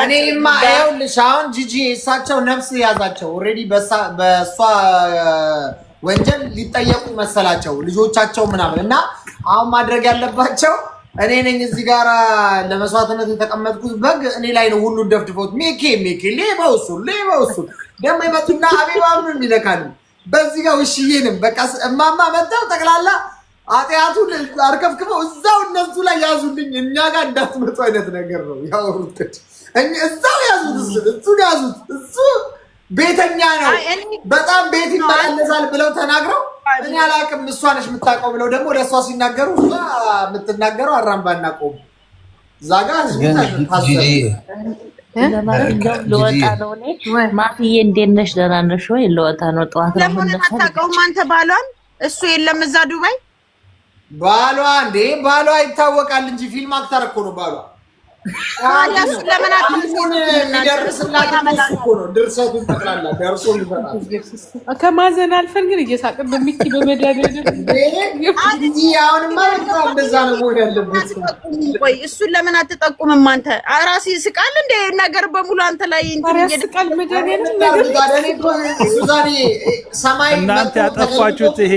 እኔማ ይኸውልሽ አሁን ጂጂ እሳቸው ነፍስ የያዛቸው ኦልሬዲ በእሷ ወንጀል ሊጠየቁ መሰላቸው ልጆቻቸው ምናምን እና አሁን ማድረግ ያለባቸው እኔ ነኝ እዚህ ጋር ለመስዋዕትነት የተቀመጥኩት በግ እኔ ላይ ነው ሁሉ ደፍድፎት ሜኬ ሜኬ ደግሞ ይመጡና ይለካሉ። በዚህ ጋር ውሽዬንም በቃ እማማ መጥተው ጠቅላላ አጥያቱን አርከፍክፈው እዛው እነሱ ላይ ያዙልኝ፣ እኛ ጋር እንዳትመጡ አይነት ነገር ነው ያወሩት። እዛው ያዙት፣ እሱን ያዙት። እሱ ቤተኛ ነው በጣም ቤት ይመላለሳል ብለው ተናግረው እኔ አላውቅም እሷ ነች የምታውቀው ብለው ደግሞ ለእሷ ሲናገሩ እሷ የምትናገረው አራምባና ቆሙ እዛ ጋር ለወጣ ማፍዬ፣ እንዴት ነሽ? ደህና ነሽ ወይ? ለወጣ ነው ጠዋት ለምን አታውቀውም አንተ ባሏን? እሱ የለም እዛ ዱባይ ባሏ እንዴ ባሏ ይታወቃል እንጂ ፊልም አክተር እኮ ነው ባሏ። ከማዘን አልፈን ግን እየሳቅን በሚኪ በመዳደድ እሱን ለምን አትጠቁምም አንተ? ራሴ ስቃል እንደ ነገር በሙሉ አንተ ላይ ስቃል ሰማይ እናንተ ያጠፋችሁት ይሄ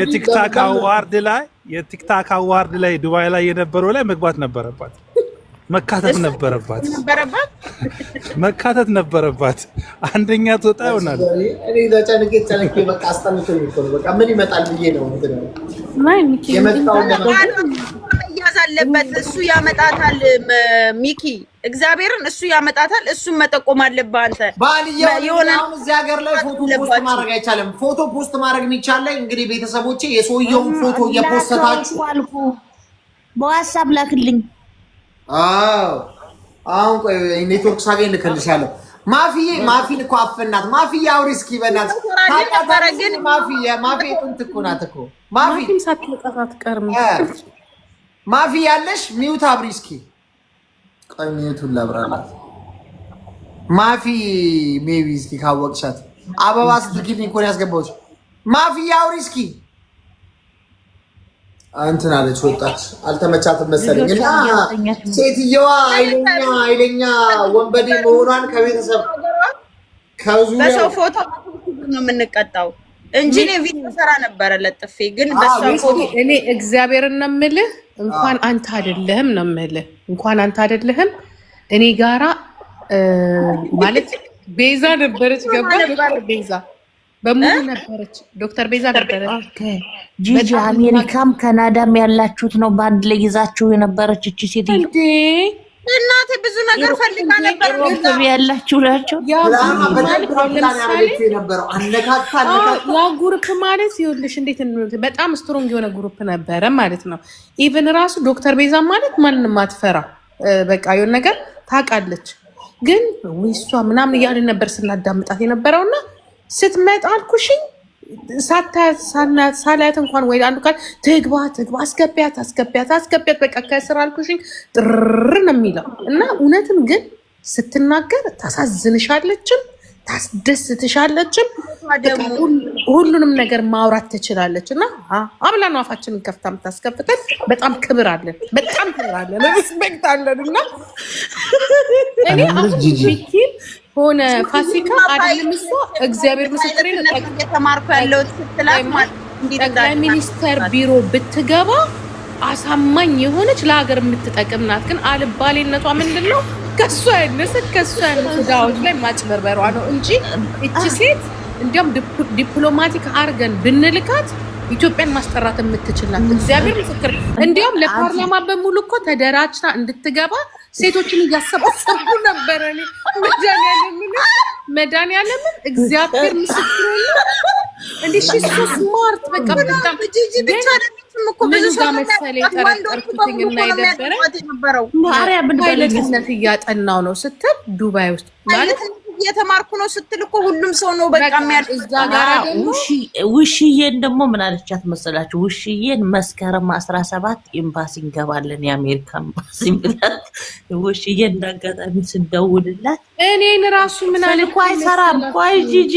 የቲክታክ አዋርድ ላይ የቲክታክ አዋርድ ላይ ዱባይ ላይ የነበረው ላይ መግባት ነበረባት፣ መካተት ነበረባት፣ መካተት ነበረባት። አንደኛ ትወጣ ይሆናል። ምን ይመጣል ብዬ ነው አለበት። እሱ ያመጣታል። ሚኪ እግዚአብሔርን እሱ ያመጣታል። እሱን መጠቆም አለብህ አንተ። ባልየሆነሁን እዚህ ሀገር ላይ ፎቶ ፖስት ማድረግ አይቻልም። ፎቶ ፖስት ማድረግ የሚቻል እንግዲህ ቤተሰቦቼ የሰውየውን ፎቶ እየፖስተታችሁ በዋትሳፕ ላክልኝ። አዎ አሁን ቆይ ኔትወርክ ሳገኝ ልክልሻለሁ። ማፊዬ ማፊን እኮ አፈናት። ማፊዬ አውሪ እስኪ በእናትህ ታውቃታለህ። ግን ማፊ የጥንት እኮ ናት እኮ ማፊ ሳትቀራት ቀርም ማፊ ያለሽ ሚውት አብሪ እስኪ። ቆይ ሚውቱን ላብራላት። ማፊ ሜቢ እስኪ ካወቅሻት አበባ ስትልኪልኝ እኮ ነው ያስገባሁሽ። ማፊ አውሪ እስኪ። እንትን አለች ወጣች፣ አልተመቻትም መሰለኝ እና ሴትየዋ አይለኛ አይለኛ ወንበዴ መሆኗን ከቤተሰብ በሰው ፎቶ ነው የምንቀጣው እንጂ እኔ ቪዲዮ ሰራ ነበረ ለጥፌ ግን በሷ ፎቶ እኔ እግዚአብሔር ነው የምልህ እንኳን አንተ አይደለህም ነው የምልህ። እንኳን አንተ አይደለህም እኔ ጋራ ማለት ቤዛ ነበረች፣ ገባ ቤዛ በሙሉ ነበረች፣ ዶክተር ቤዛ ነበረች። ጂጂ አሜሪካም ካናዳም ያላችሁት ነው በአንድ ላይ ይዛችሁ የነበረች እቺ ሴት እናቴ ብዙ ነገር ፈልጋ ነበር። ገንዘብ ያላችሁ ናቸው። ያ ማለት ይኸውልሽ እንዴት በጣም ስትሮንግ የሆነ ጉሩፕ ነበረ ማለት ነው። ኢቨን ራሱ ዶክተር ቤዛ ማለት ማንንም አትፈራ፣ በቃ የሆነ ነገር ታውቃለች። ግን እሷ ምናምን እያለ ነበር ስናዳምጣት የነበረውና ስትመጣ አልኩሽኝ ሳላያት እንኳን ወይ አንዱ ቃል ትግባ ትግባ፣ አስገቢያት አስገቢያት አስገቢያት፣ በቃ ከስራ አልኩሽኝ ጥርር ነው የሚለው እና እውነትም ግን ስትናገር ታሳዝንሻለችም ታስደስትሻለችም ሁሉንም ነገር ማውራት ትችላለች። እና አብላን ነው አፋችንን ከፍታ የምታስከፍተን። በጣም ክብር አለን፣ በጣም ክብር አለን፣ ሪስፔክት አለን። እና እኔ አሁን ቢኪ ሆነ ፋሲካ አይደለም እሱ እግዚአብሔር ምስክሬ ነው። ተማርኩ ያለው ጠቅላይ ሚኒስተር ቢሮ ብትገባ አሳማኝ የሆነች ለሀገር የምትጠቅም ናት። ግን አልባሌነቷ ምንድን ነው? ከሷ ያነሰ ከሷ ያነሰ ዳዎች ላይ ማጭበርበሯ ነው እንጂ እቺ ሴት እንዲያውም ዲፕሎማቲክ አርገን ብንልካት ኢትዮጵያን ማስጠራት የምትችል ናት። እግዚአብሔር ምስክር። እንዲያውም ለፓርላማ በሙሉ እኮ ተደራጅታ እንድትገባ ሴቶችን እያሰባሰቡ ነበረ። መድኃኒዓለምን መድኃኒዓለምን እግዚአብሔር ምስክር ነው። እንዲ ሺ ሶስት ማርት በቃ በጣም ምን ጋ መሰለ የጠረጠርኩትኝና የነበረ ማርያምን በልጅነት እያጠናው ነው ስትል ዱባይ ውስጥ ማለት እየተማርኩ ነው ስትል እኮ ሁሉም ሰው ነው በቃ እዛ ጋር ደግሞ ውሽዬን ደግሞ ምን አለቻት መሰላችሁ? ውሽዬን መስከረም አስራ ሰባት ኤምባሲ እንገባለን የአሜሪካ ኤምባሲ ብላት ውሽዬን እንዳጋጣሚ ስደውልላት እኔን ራሱ ምን አለ ስልኳ አይሰራም። ቆይ ጂጂ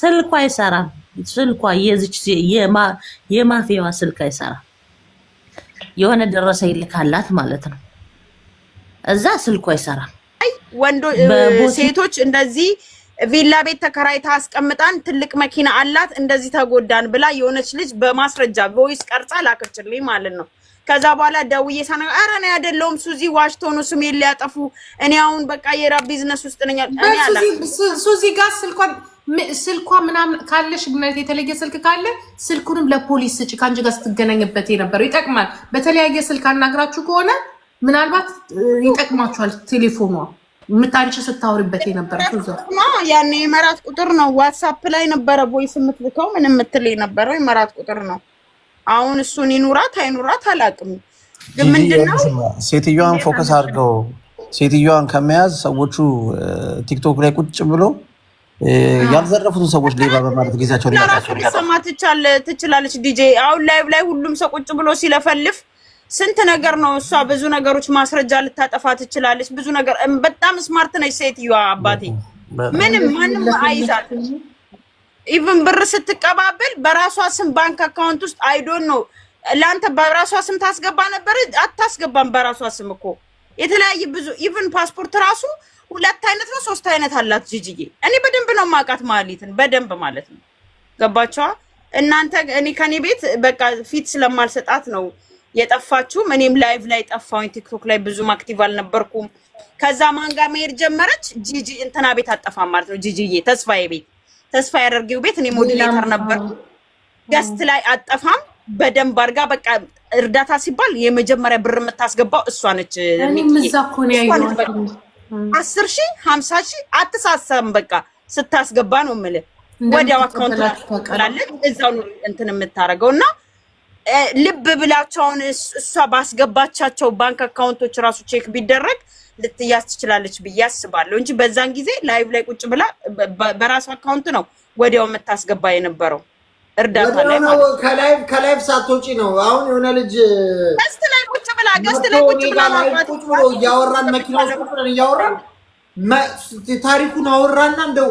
ስልኳ አይሰራም። ስልኳ የዚች የማፊያዋ ስልክ አይሰራም። የሆነ ደረሰ ይልካላት ማለት ነው። እዛ ስልኳ አይሰራም። ወንዶ ሴቶች እንደዚህ ቪላ ቤት ተከራይታ አስቀምጣን ትልቅ መኪና አላት እንደዚህ ተጎዳን ብላ የሆነች ልጅ በማስረጃ ቮይስ ቀርጻ ላከችልኝ ማለት ነው። ከዛ በኋላ ደውዬ ሳና ኧረ ነው ያደለውም ሱዚ ዋሽቶ ነው ስሜን ሊያጠፉ እኔ አሁን በቃ የራ ቢዝነስ ውስጥ ነኝ። ሱዚ ጋር ስልኳ ስልኳ ምናምን ካለሽ ግነት የተለየ ስልክ ካለ ስልኩንም ለፖሊስ ስጭ። ከአንቺ ጋር ስትገናኝበት የነበረው ይጠቅማል። በተለያየ ስልክ አናግራችሁ ከሆነ ምናልባት ይጠቅማችኋል ቴሌፎኗ የምታንቺ ስታወሪበት የነበረ ያኔ የመራት ቁጥር ነው። ዋትሳፕ ላይ ነበረ ቦይስ የምትልከው ምን የምትል የነበረው የመራት ቁጥር ነው። አሁን እሱን ይኑራት አይኑራት አላውቅም፣ ግን ሴትዮዋን ፎከስ አድርገው ሴትዮዋን ከመያዝ ሰዎቹ ቲክቶክ ላይ ቁጭ ብሎ ያልዘረፉትን ሰዎች ሌባ በማለት ጊዜያቸው ሊሰማ ትችላለች። ዲጄ አሁን ላይቭ ላይ ሁሉም ሰው ቁጭ ብሎ ሲለፈልፍ ስንት ነገር ነው እሷ። ብዙ ነገሮች ማስረጃ ልታጠፋ ትችላለች። ብዙ ነገር በጣም ስማርት ነች ሴትዮዋ። አባቴ ምንም ማንም አይዛት። ኢቭን ብር ስትቀባበል በራሷ ስም ባንክ አካውንት ውስጥ አይዶን ነው ለአንተ በራሷ ስም ታስገባ ነበር። አታስገባም በራሷ ስም እኮ የተለያየ ብዙ ኢቭን ፓስፖርት ራሱ ሁለት አይነት ነው ሶስት አይነት አላት ጂጂዬ። እኔ በደንብ ነው ማውቃት ማሊትን በደንብ ማለት ነው። ገባቸዋ እናንተ እኔ ከኔ ቤት በቃ ፊት ስለማልሰጣት ነው የጠፋችሁም እኔም ላይቭ ላይ ጠፋሁኝ። ቲክቶክ ላይ ብዙም አክቲቭ አልነበርኩም። ከዛ ማን ጋር መሄድ ጀመረች? ጂጂ እንትና ቤት አጠፋም ማለት ነው። ጂጂዬ ተስፋዬ ቤት ተስፋ ያደርጊው ቤት እኔ ሞዲሌተር ነበር። ገስት ላይ አጠፋም በደንብ አድርጋ በቃ እርዳታ ሲባል የመጀመሪያ ብር የምታስገባው እሷ ነች። አስር ሺ ሀምሳ ሺ አትሳሳም በቃ ስታስገባ ነው ምል ወዲያው አካውንት ላለች እዛው እንትን የምታደርገው እና ልብ ብላቸውን እሷ ባስገባቻቸው ባንክ አካውንቶች ራሱ ቼክ ቢደረግ ልትያዝ ትችላለች ብዬ አስባለሁ እንጂ በዛን ጊዜ ላይቭ ላይ ቁጭ ብላ በራሱ አካውንት ነው ወዲያው የምታስገባ የነበረው። እርዳታ ላይ ከላይቭ ከላይቭ ሳትወጪ ነው። አሁን የሆነ ልጅ ገስት ላይ ቁጭ ብላ ገስት ላይ ቁጭ ብላ እያወራን መኪና እያወራን ታሪኩን አወራና እንደው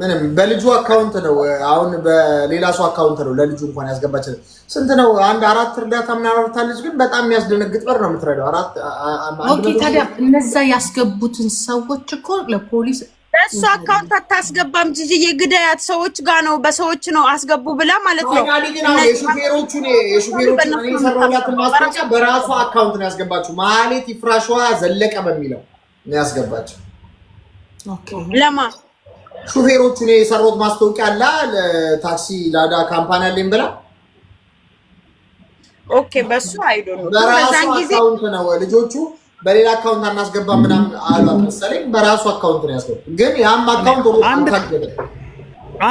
ምንም በልጁ አካውንት ነው። አሁን በሌላ ሰው አካውንት ነው ለልጁ እንኳን ያስገባች ስንት ነው? አንድ አራት እርዳታ ምናረርታለች። ግን በጣም የሚያስደነግጥ በር ነው የምትረዳው። አራት ታዲያ እነዛ ያስገቡትን ሰዎች እኮ ለፖሊስ በእሱ አካውንት አታስገባም ጅ የግዳያት ሰዎች ጋር ነው በሰዎች ነው አስገቡ ብላ ማለት ነው። የሹፌሮቹን የሰራላትን ማስታወቂያ በራሱ አካውንት ነው ያስገባችው። ማሌት ይፍራሸዋ ዘለቀ በሚለው ነው ያስገባችው ለማ ሹፌሮች ነው የሰሩት ማስታወቂያ አለ ለታክሲ ላዳ ካምፓኒ አለኝ ብላ ኦኬ። በሱ አይዶ ነው በራሱ አካውንት ነው ልጆቹ በሌላ አካውንት አናስገባ ምናምን አሏት መሰለኝ። በራሱ አካውንት ነው ያስገባ። ግን ያም አካውንት ሮ ታገደ።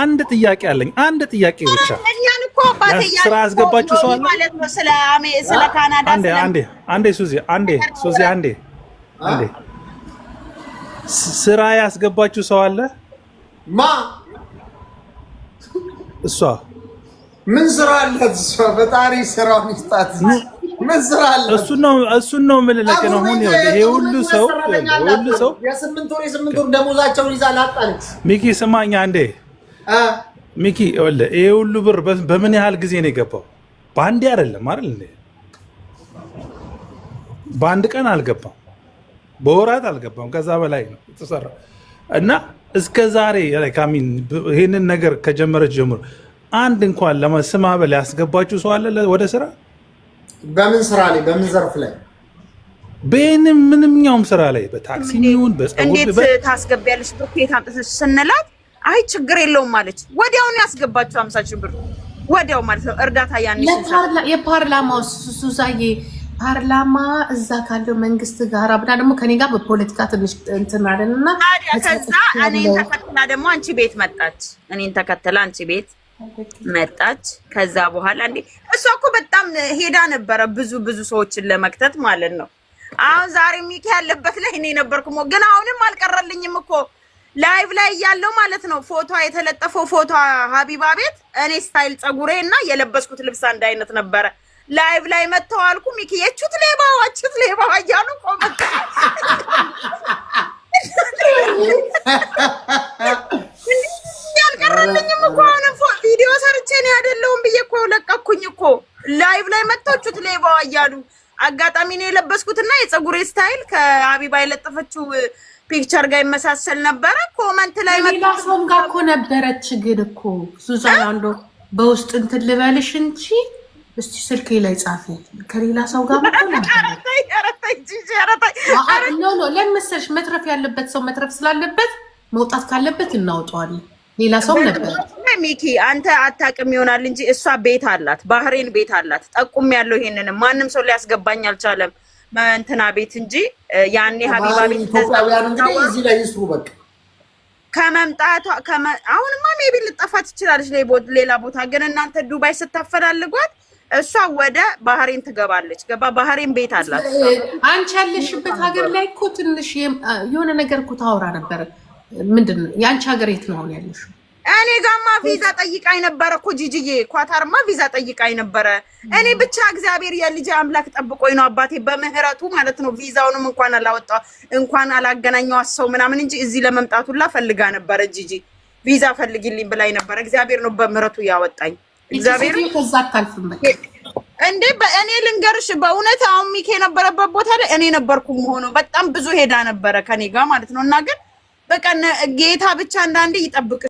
አንድ ጥያቄ አለኝ። አንድ ጥያቄ ብቻ እኛን እኮ አባቴ ስራ ያስገባችሁ ሰው አለ ማለት ነው። ስለ አሜ ስለ ካናዳ አንዴ አንዴ አንዴ ሱዚ አንዴ ሱዚ አንዴ አንዴ ስራ ያስገባችሁ ሰው አለ ማ እሷ ምን ስራ አላት? እሷ ፈጣሪ ስራውን ይስጣት። ምን ስራ አላት? እሱን ነው እሱን ነው የምልህ ነው። አሁን ይሄ ሁሉ ሰው ሁሉ ሰው የስምንት ወር የስምንት ወር ደሞዛቸውን ይዛ ላጣለች። ሚኪ ስማኛ እንዴ ሚኪ ይኸውልህ፣ ይሄ ሁሉ ብር በምን ያህል ጊዜ ነው የገባው? በአንዴ አይደለም አይደል በአንድ ቀን አልገባም፣ በወራት አልገባም፣ ከዛ በላይ ነው የተሰራው እና እስከ ዛሬ ካሚን ይህንን ነገር ከጀመረች ጀምሮ አንድ እንኳን ለመስማበል ያስገባችሁ ሰው አለ ወደ ስራ? በምን ስራ ላይ በምን ዘርፍ ላይ በይህንም ምንምኛውም ስራ ላይ በታክሲ ይሁን እንዴት ታስገቢያለሽ? ብር አምጥተሽ ስንላት አይ ችግር የለውም ማለች። ወዲያውን ያስገባችሁ ሀምሳ ብር ወዲያው ማለት ነው እርዳታ ያን የፓርላማው ሱሳዬ ፓርላማ እዛ ካለው መንግስት ጋር ብና ደግሞ ከኔ ጋር በፖለቲካ ትንሽ እንትን አለን እና ከዛ እኔን ተከትላ ደግሞ አንቺ ቤት መጣች። እኔን ተከትላ አንቺ ቤት መጣች። ከዛ በኋላ እንዴ እሷ እኮ በጣም ሄዳ ነበረ ብዙ ብዙ ሰዎችን ለመክተት ማለት ነው። አሁን ዛሬ ሚኪ ያለበት ላይ እኔ ነበርኩ። ግን አሁንም አልቀረልኝም እኮ ላይቭ ላይ እያለው ማለት ነው። ፎቶ የተለጠፈው ፎቶ ሀቢባ ቤት እኔ ስታይል ጸጉሬ እና የለበስኩት ልብስ አንድ አይነት ነበረ። ላይቭ ላይ መተው አልኩ ሚኪዬ ቹት ሌባዋ ቹት ሌባዋ እያሉ ያልቀረልኝም እኮ አሁንም ቪዲዮ ሰርቼ እኔ አይደለሁም ብዬ እኮ ለቀኩኝ እኮ ላይቭ ላይ መተው ቹት ሌባዋ እያሉ አጋጣሚ ነው የለበስኩትና የፀጉሬ ስታይል ከአቢባ የለጠፈችው ፒክቸር ጋር ይመሳሰል ነበረ። ኮመንት ላይ ሌላ ሰውም ጋር እኮ ነበረች። ግን እኮ ሱዛን አንዶ በውስጥ እንትን ልበልሽ እንጂ እስቲ ስልክ ላይ ጻፊ። ከሌላ ሰው ጋር ለምስልሽ መትረፍ ያለበት ሰው መትረፍ ስላለበት መውጣት ካለበት እናውጠዋለን። ሌላ ሰው ነበር ሚኪ፣ አንተ አታውቅም ይሆናል እንጂ እሷ ቤት አላት፣ ባህሬን ቤት አላት። ጠቁም ያለው ይሄንንም ማንም ሰው ሊያስገባኝ አልቻለም እንትና ቤት እንጂ ያኔ ሀቢባ ቤት ከመምጣቷ አሁንማ ሜቢ ልጠፋ ትችላለች ሌላ ቦታ ግን እናንተ ዱባይ ስታፈላልጓት እሷ ወደ ባህሬን ትገባለች። ገባ ባህሬን ቤት አላት። አንቺ ያለሽበት ሀገር ላይ እኮ ትንሽ የሆነ ነገር እኮ ታወራ ነበር። ምንድን ነው የአንቺ ሀገር የት ነው አሁን ያለሽ? እኔ ጋማ ቪዛ ጠይቃኝ ነበረ እኮ ጂጂዬ፣ ኳታርማ ቪዛ ጠይቃኝ ነበረ። እኔ ብቻ እግዚአብሔር የልጅ አምላክ ጠብቆኝ ነው አባቴ በምህረቱ ማለት ነው። ቪዛውንም እንኳን አላወጣ እንኳን አላገናኘዋ ሰው ምናምን እንጂ እዚህ ለመምጣቱላ ፈልጋ ነበረ ጂጂ። ቪዛ ፈልጊልኝ ብላኝ ነበረ። እግዚአብሔር ነው በምህረቱ ያወጣኝ። እግዚአብሔር ከዛ እንዴ በእኔ ልንገርሽ፣ በእውነት አሁን ሚኪ የነበረበት ቦታ ላይ እኔ ነበርኩ መሆኑ በጣም ብዙ ሄዳ ነበረ ከኔ ጋር ማለት ነው። እና ግን በቃ ጌታ ብቻ አንዳንዴ ይጠብቅ